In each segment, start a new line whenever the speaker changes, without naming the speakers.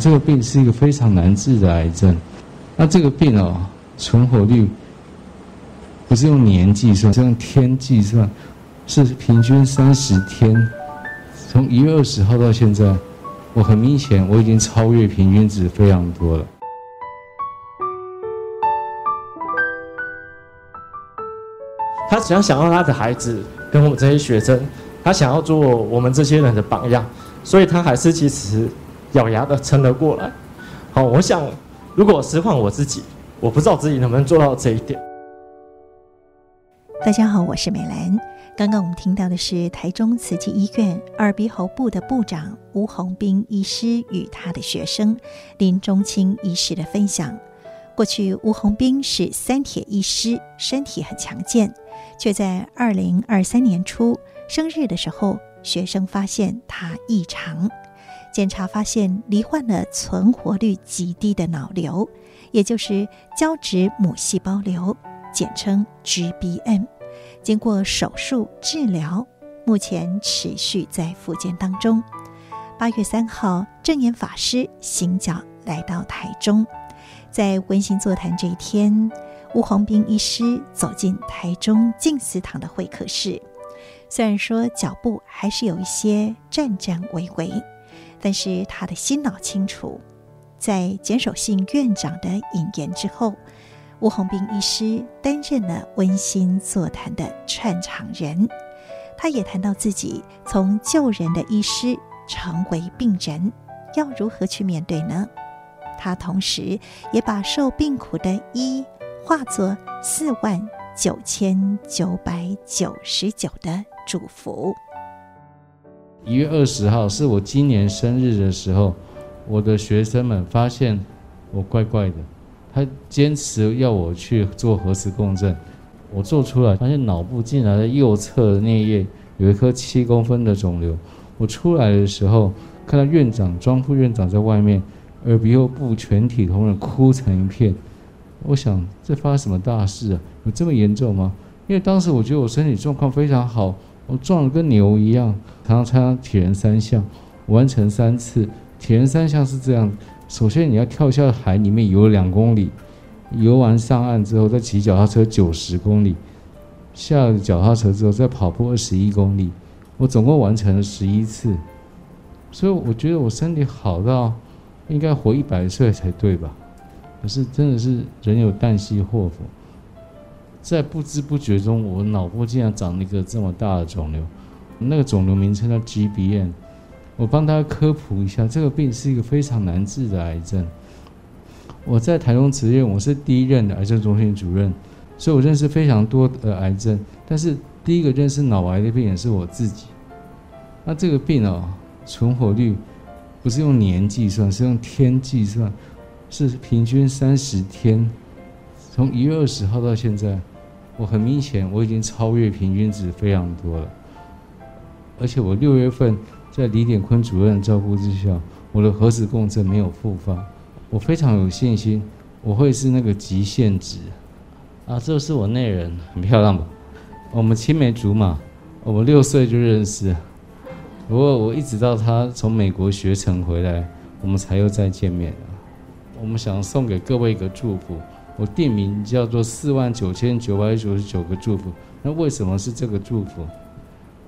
這個病是一個非常難治的癌症，那這個病哦，存活率不是用年計算，是用天計算，是平均三十天。從一月二十號到現在，我很明顯我已經超越平均值非常多了。他只要想到他的孩子跟我們這些學生，他想要做我們這些人的榜樣，所以他還是其實咬牙的撐了過來。好，我想，如果是換我自己，我不知道自己能不能做到這一點。
大家好，我是美蘭。剛剛我們聽到的是台中慈濟醫院耳鼻喉部的部長吳弘斌醫師與他的學生林忠青醫師的分享。過去，吳弘斌是三鐵醫師，身體很強健，卻在二零二三年初生日的時候，學生發現他異常。檢查發現罹患了存活率極低的腦瘤，也就是膠質母細胞瘤，簡稱 GBM。經過手術治療，目前持續在復健當中。八月三號，證嚴法師行腳來到台中，在溫馨座談這一天，吳弘斌醫師走進台中靜思堂的會客室，雖然說腳步還是有一些顫顫巍巍。但是他的心腦清楚，在簡守信院長的引言之後，吳弘斌醫師擔任了溫馨座談的串場人。他也談到自己從救人的醫師成為病人，要如何去面對呢？他同時也把受病苦的一化作四萬九千九百九十九的祝福。
一月二十號是我今年生日的時候，我的學生們發現我怪怪的，他堅持要我去做核磁共振，我做出來發現腦部竟然在右側的顳葉有一顆七公分的腫瘤。我出來的時候看到院長、莊副院長在外面，耳鼻喉部全體同仁哭成一片。我想這發生什麼大事啊？有這麼嚴重嗎？因為當時我覺得我身體狀況非常好。我壯的跟牛一樣，常常鐵人三項，完成三次。鐵人三項是這樣：首先你要跳下海裡面游兩公里，游完上岸之後再騎腳踏車九十公里，下了腳踏車之後再跑步二十一公里。我總共完成了十一次，所以我覺得我身體好到應該活一百歲才對吧？可是真的是人有旦夕禍福。在不知不覺中，我腦部竟然長了一個這麼大的腫瘤。那個腫瘤名稱叫 GBM。我幫他科普一下，這個病是一個非常難治的癌症。我在台中慈院，我是第一任的癌症中心主任，所以我認識非常多的癌症。但是第一個認識腦癌的病人是我自己。那這個病哦，存活率不是用年計算，是用天計算，是平均三十天。從一月二十號到現在。我很明顯，我已經超越平均值非常多了，而且我六月份在李典坤主任照顧之下，我的核磁共振沒有復發，我非常有信心，我會是那個極限值。啊，這是我內人，很漂亮吧？我們青梅竹馬，我們六歲就認識，不過我一直到他從美國學成回來，我們才又再見面。我們想送給各位一個祝福。我店名叫做“四萬九千九百九十九個祝福”。那為什麼是這個祝福？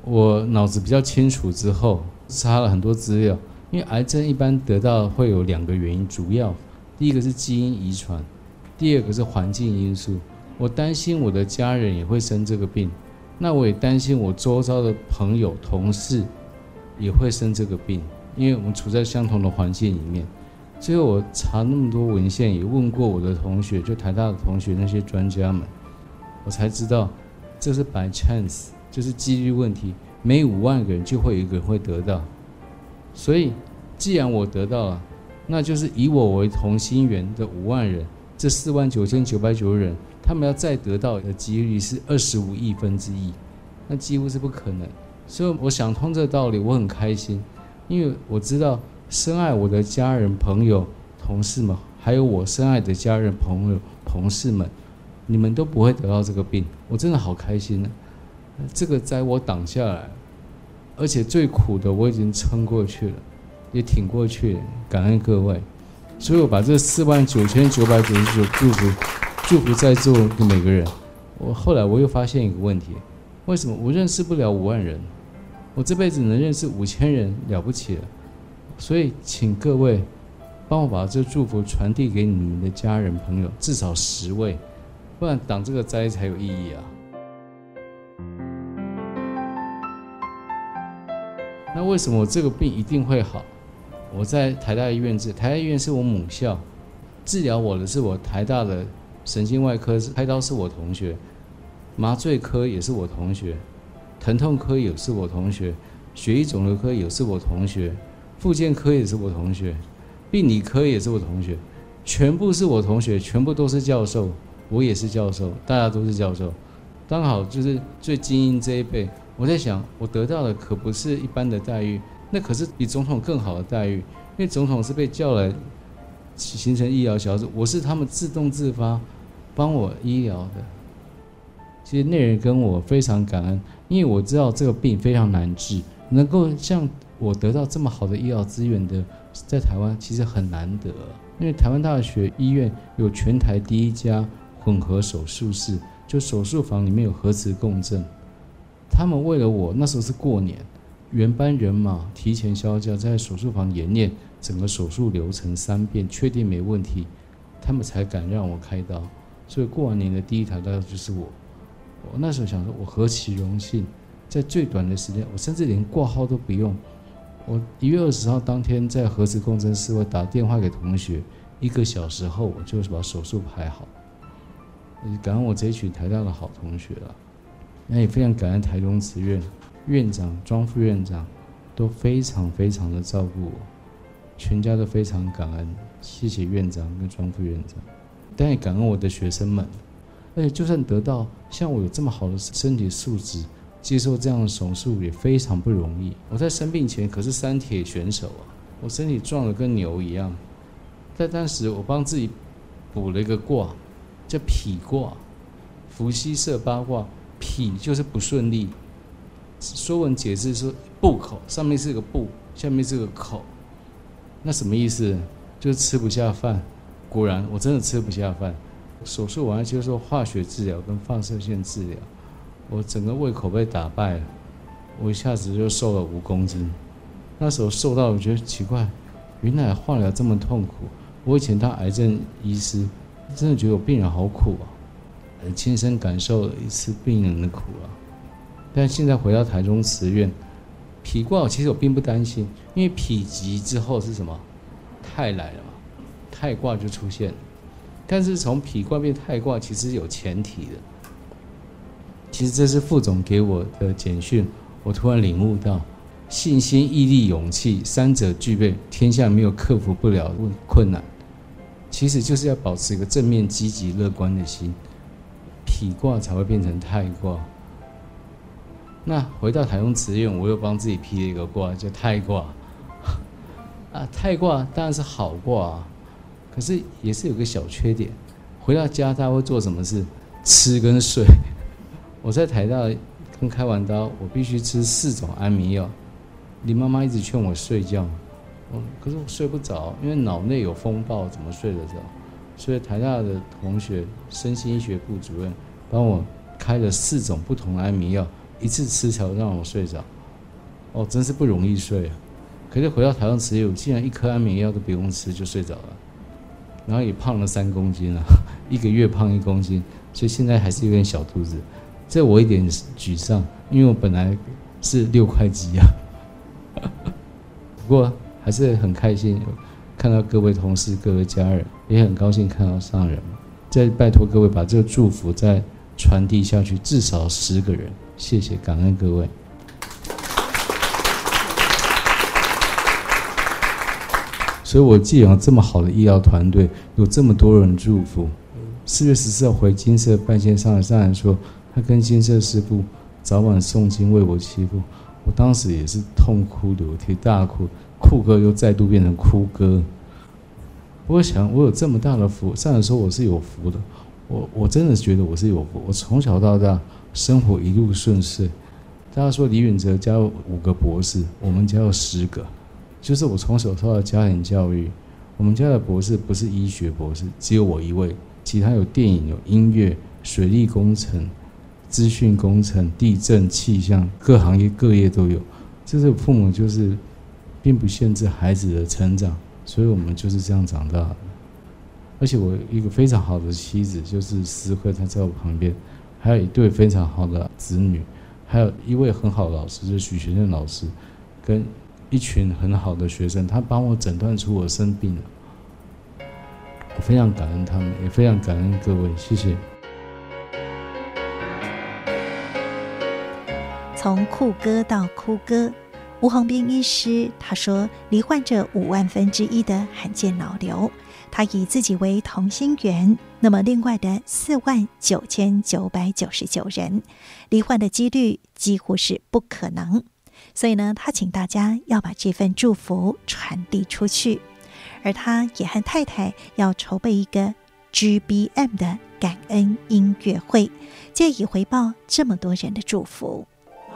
我腦子比較清楚之後，查了很多資料。因為癌症一般得到會有兩個原因，主要第一個是基因遺傳，第二個是環境因素。我擔心我的家人也會生這個病，那我也擔心我周遭的朋友、同事也會生這個病，因為我們處在相同的環境裡面。最後我查那麼多文獻，也問過我的同學，就台大的同學那些專家們，我才知道這是 by chance，就是幾率問題，每五萬個人就會有一個人會得到。所以，既然我得到了，那就是以我為同心圓的五萬人，這四萬九千九百九十九人，他們要再得到的幾率是二十五億分之一，那幾乎是不可能。所以我想通這個道理，我很開心，因為我知道。深愛我的家人、朋友、同事們，還有我深愛的家人、朋友、同事們，你們都不會得到這個病，我真的好開心啊！這個災我擋下來，而且最苦的我已經撐過去了，也挺過去了，感恩各位。所以我把這四萬九千九百九十九祝福祝福在座的每個人。我後來我又發現一個問題：為什麼我認識不了五萬人？我這輩子能認識五千人，了不起了。所以，請各位幫我把這個祝福傳遞給你們的家人朋友，至少十位，不然擋這個災才有意義啊！那為什麼我這個病一定會好？我在台大醫院治，台大醫院是我母校，治療我的是我台大的神經外科，是開刀是我同學，麻醉科也是我同學，疼痛科也是我同學，血液腫瘤科也是我同學。婦產科也是我同學，病理科也是我同學，全部是我同學，全部都是教授，我也是教授，大家都是教授，剛好就是最精英這一輩。我在想，我得到的可不是一般的待遇，那可是比總統更好的待遇，因為總統是被叫來形成醫療小組，我是他們自動自發幫我醫療的。其實內人跟我非常感恩，因為我知道這個病非常難治，能夠像。我得到這麼好的醫藥資源的，在台灣其實很難得，因為台灣大學醫院有全台第一家混合手術室，就手術房裡面有核磁共振。他們為了我，那時候是過年，原班人馬提前消假，在手術房演練整個手術流程三遍，確定沒問題，他們才敢讓我開刀。所以過完年的第一台刀就是我，我。我那時候想說，我何其榮幸，在最短的時間，我甚至連掛號都不用。我一月二十號當天在核磁共振室，我打電話給同學，一個小時後我就把手術排好。感恩我這一群台大的好同學了，啊，也非常感恩台中慈院院長、莊副院長都非常非常的照顧我，全家都非常感恩，謝謝院長跟莊副院長，但也感恩我的學生們，而且就算得到像我有這麼好的身體素質。接受這樣的手術也非常不容易。我在生病前可是三鐵選手啊，我身體壯得跟牛一樣。在當時，我幫自己卜了一個卦，叫否卦。伏羲設八卦，否就是不順利。說文解釋說，否，上面是個不，下面是個口，那什麼意思？就是吃不下飯。果然，我真的吃不下飯。手術完就是化學治療跟放射線治療。我整個胃口被打敗了，我一下子就瘦了五公斤。那時候瘦到我覺得奇怪，原來化療這麼痛苦。我以前當癌症醫師，真的覺得我病人好苦啊，親身感受了一次病人的苦啊。但現在回到台中慈院，否卦其實我並不擔心，因為否極之後是什麼？泰來了嘛，泰卦就出現了。但是從否卦變泰卦，其實是有前提的。其實這是副總給我的簡訊，我突然領悟到，信心、毅力、勇氣三者具備，天下沒有克服不了的困難。其實就是要保持一個正面、積極、樂觀的心，否卦才會變成泰卦。那回到台中慈院，我又幫自己批了一個卦，叫泰卦。啊，泰卦當然是好卦啊，可是也是有個小缺點。回到家他會做什麼事？吃跟睡。我在台大剛開完刀，我必須吃四種安眠藥。李媽媽一直勸我睡覺，可是我睡不着，因為腦內有風暴，怎麼睡得着？所以台大的同學，身心醫學部主任幫我開了四種不同的安眠藥，一次吃才會讓我睡着。哦，真是不容易睡啊！可是回到台灣時，我竟然一顆安眠藥都不用吃就睡着了，然後也胖了三公斤了，一個月胖一公斤，所以現在還是有點小肚子。這我一點沮喪，因為我本來是六塊肌啊。 不過還是很開心，看到各位同事、各位家人，也很高興看到上人。再拜託各位把這個祝福再傳遞下去，至少十個人。謝謝，感恩各位。嗯、所以，我既有這麼好的醫療團隊，有這麼多人祝福。四月十四號回金色半線上來，上人說。他跟精舍師父，早晚誦經為我祈福，我當時也是痛哭流涕，大哭，酷哥又再度變成哭哥。我想，我有這麼大的福，上人說我是有福的。我我真的覺得我是有福。我從小到大生活一路順遂。大家說李遠哲家有五個博士，我們家有十個，就是我從小到大的家庭教育。我們家的博士不是醫學博士，只有我一位，其他有電影、有音樂、水利工程。資訊工程、地震、氣象，各行業各業都有。這是父母就是，並不限制孩子的成長，所以我們就是這樣長大的。而且我一個非常好的妻子就是思慧，她在我旁邊，還有一對非常好的子女，還有一位很好的老師，就是許學潤老師，跟一群很好的學生，他幫我診斷出我生病了。我非常感恩他們，也非常感恩各位，謝謝。
從酷哥到哭哥，吳弘斌醫師他說：“罹患這五萬分之一的罕見腦瘤，他以自己為同心圓，那麼另外的四萬九千九百九十九人罹患的幾率幾乎是不可能。”所以呢，他請大家要把這份祝福傳遞出去，而他也和太太要籌備一個 GBM 的感恩音樂會，借以回報這麼多人的祝福。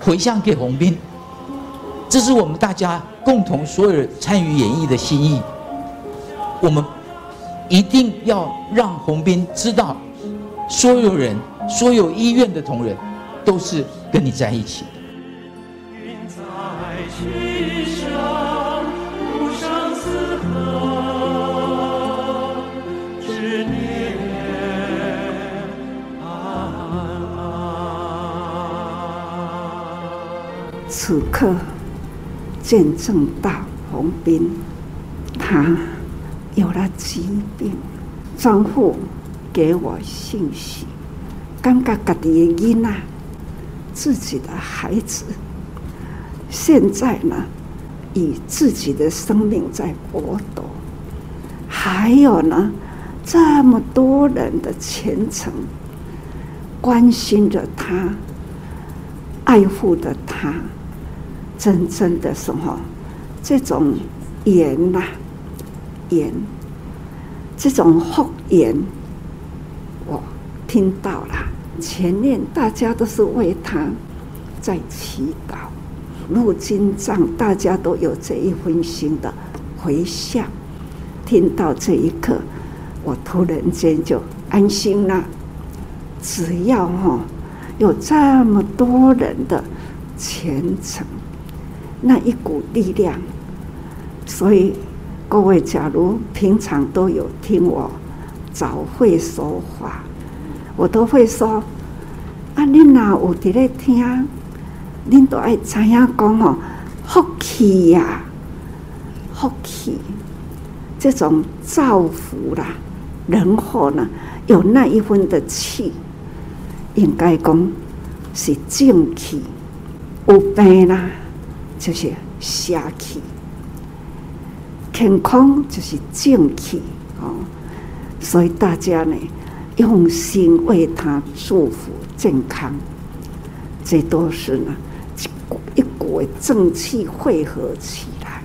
回向給弘斌，這是我們大家共同所有參與演繹的心意。我們一定要讓弘斌知道，所有人、所有醫院的同仁都是跟你在一起的。
此刻見證到弘斌，他有了疾病，丈夫給我信息，感覺家己的囡，自己的孩子，現在呢，以自己的生命在搏鬥，還有呢，這麼多人的虔誠，關心着他，愛護着他。真正的時候，這種言吶、啊，言，這種惡言，我聽到了。前面大家都是為他，在祈禱，入經藏，大家都有這一份心的回向。聽到這一刻，我突然間就安心了。只要哈，有這麼多人的虔誠。那一股力量，所以各位，假如平常都有聽我早會說話，我都會說：“啊，你哪有在咧聽？你都愛知影講哦？福氣呀、啊，福氣！這種造福啦，然後呢，有那一份的氣，應該講是正氣。有病啦。”就是邪氣，健康就是正氣、哦、所以大家呢，用心為他祝福健康，這都是呢一一股，一股的正氣匯合起來，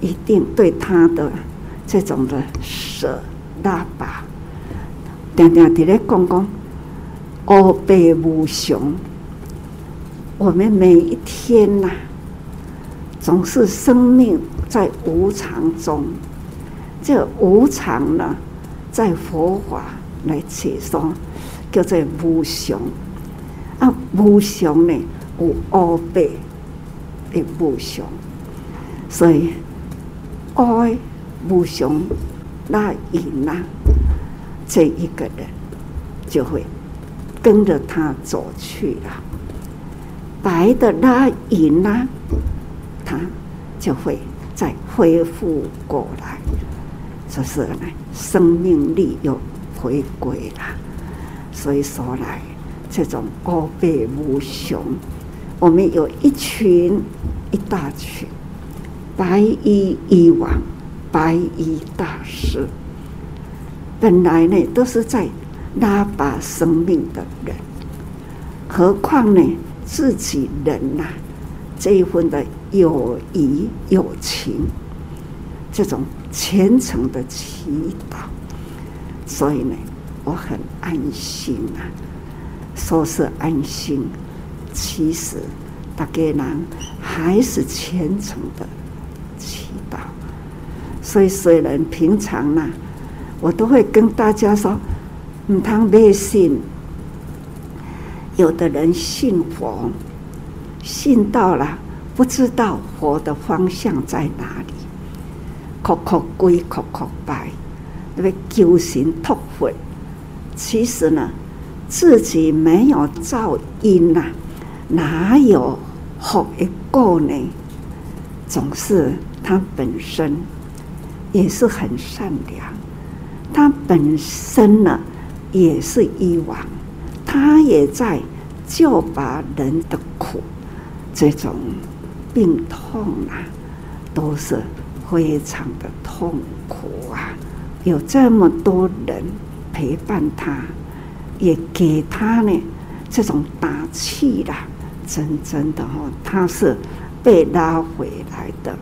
一定對他的這種的捨大把，常常在在，講講，黑白無常。我們每一天吶、啊，總是生命在無常中。這無常呢，在佛法來起說，叫做無常。啊，無常呢有二悲的無常，所以愛無常那一那這一個人就會跟着他走去了。白的那一拉、啊，它就會再恢復過來，就是生命力又回歸了。所以說來，這種奧秘無窮。我們有一群一大群白衣醫王、白衣大師，本來呢都是在拉拔生命的人，何況呢？自己人吶、啊，這一份的友誼、友情，這種虔誠的祈禱，所以呢，我很安心啊。說是安心，其實大家呢還是虔誠的祈禱。所以，雖然平常呢、啊，我都會跟大家說，你貪內心。有的人信佛，信到了不知道佛的方向在哪裡，磕磕跪，磕磕拜，對不對？求神托佛。其實呢，自己沒有造因吶、啊，哪有好的果呢？總是他本身也是很善良，他本身呢，也是以往。他也在，就把人的苦，這種病痛啊，都是非常的痛苦啊。有這麼多人陪伴他，也給他呢這種打氣啦、啊，真正的哈、哦，他是被拉回來的。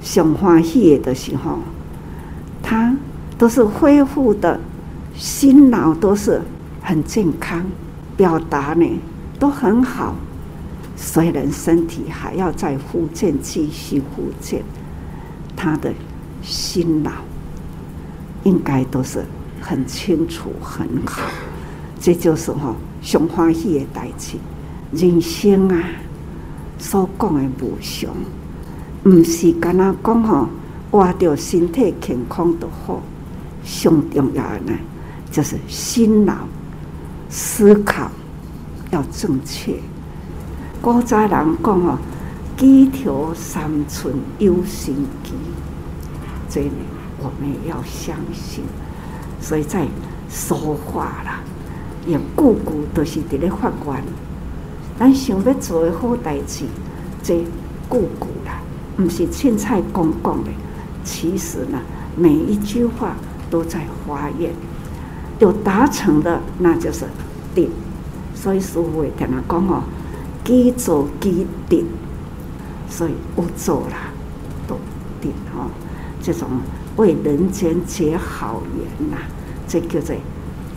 想歡喜的時候、哦，他都是恢復的，心腦都是。很健康，表達呢都很好。雖然身體還要再復健，繼續復健，他的心腦應該都是很清楚、很好。這就是吼，上歡喜的代誌。人生啊，所講的無常，不是干焦講吼，活到身體健康就好。上重要的呢，就是心腦。思考要正確。古早人講哦，“機條三寸有神機”，所以我們也要相信。所以在說話啦，也句句都是佇咧發願。咱想要做嘅好代志，這句句啦，毋是凊彩講講嘅。其實呢，每一句話都在發願。有達成的，那就是頂。所以師父也聽人講哦，己做己頂。所以不做了都頂哦。這種為人間結好緣吶、啊，這叫做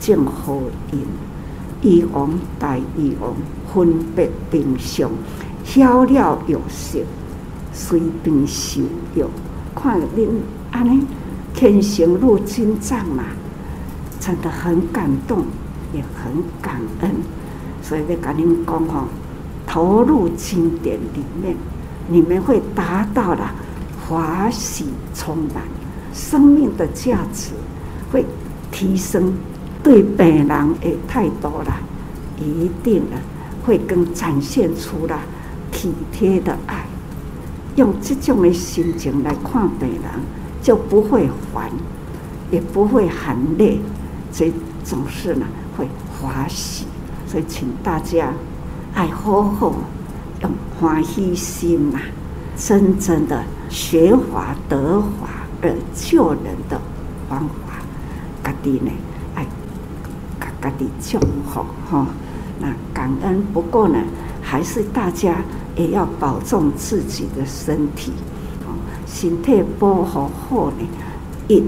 淨好因。以往帶以往分別平常，曉了有事隨平受用。看恁安尼，天行入金藏嘛、啊。真的很感動，也很感恩，所以就跟你們講吼，投入經典裡面，你們會達到了法喜充滿，生命的價值會提升，對病人也太多了，一定啊會更展現出了體貼的愛，用這種的心情來看病人，就不會煩，也不會很累。所以總是呢會歡喜，所以請大家愛好好用歡喜心啊，真正的學法得法而救人的方法，己呢愛己祝、哦、那感恩不過呢，還是大家也要保重自己的身體，哦、身體保護好呢，一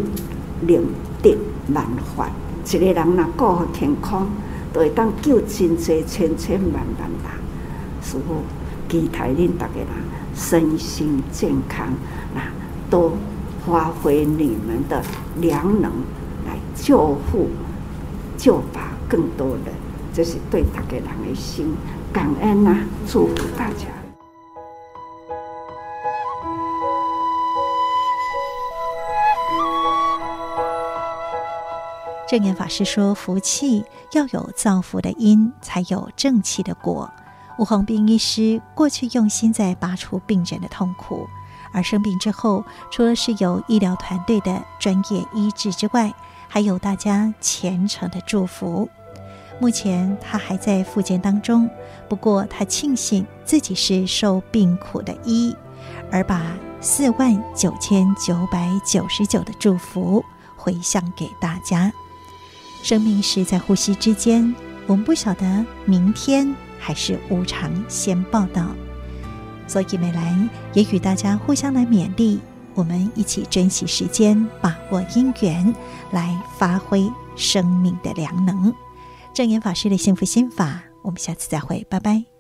兩的難壞。一個人若顧好健康，都會當救真濟千千萬萬大、啊。師父期待恁大家身心健康，啊，多發揮你們的良能來救護、救拔更多人，這是對大家人的心感恩吶、啊，祝福大家。
證嚴法師說：“福氣要有造福的因，才有正氣的果。”吳弘斌醫師過去用心在拔除病人的痛苦，而生病之後，除了是有醫療團隊的專業醫治之外，還有大家虔誠的祝福。目前他還在復健當中，不過他慶幸自己是受病苦的一，而把四萬九千九百九十九的祝福回向給大家。生命是在呼吸之間，我們不曉得明天還是無常先報到，所以美蘭也與大家互相來勉勵，我們一起珍惜時間，把握因緣，來發揮生命的良能。證嚴法師的幸福心法，我們下次再會，拜拜。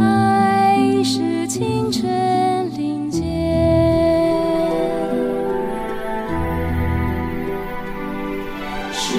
愛是清晨林間，
是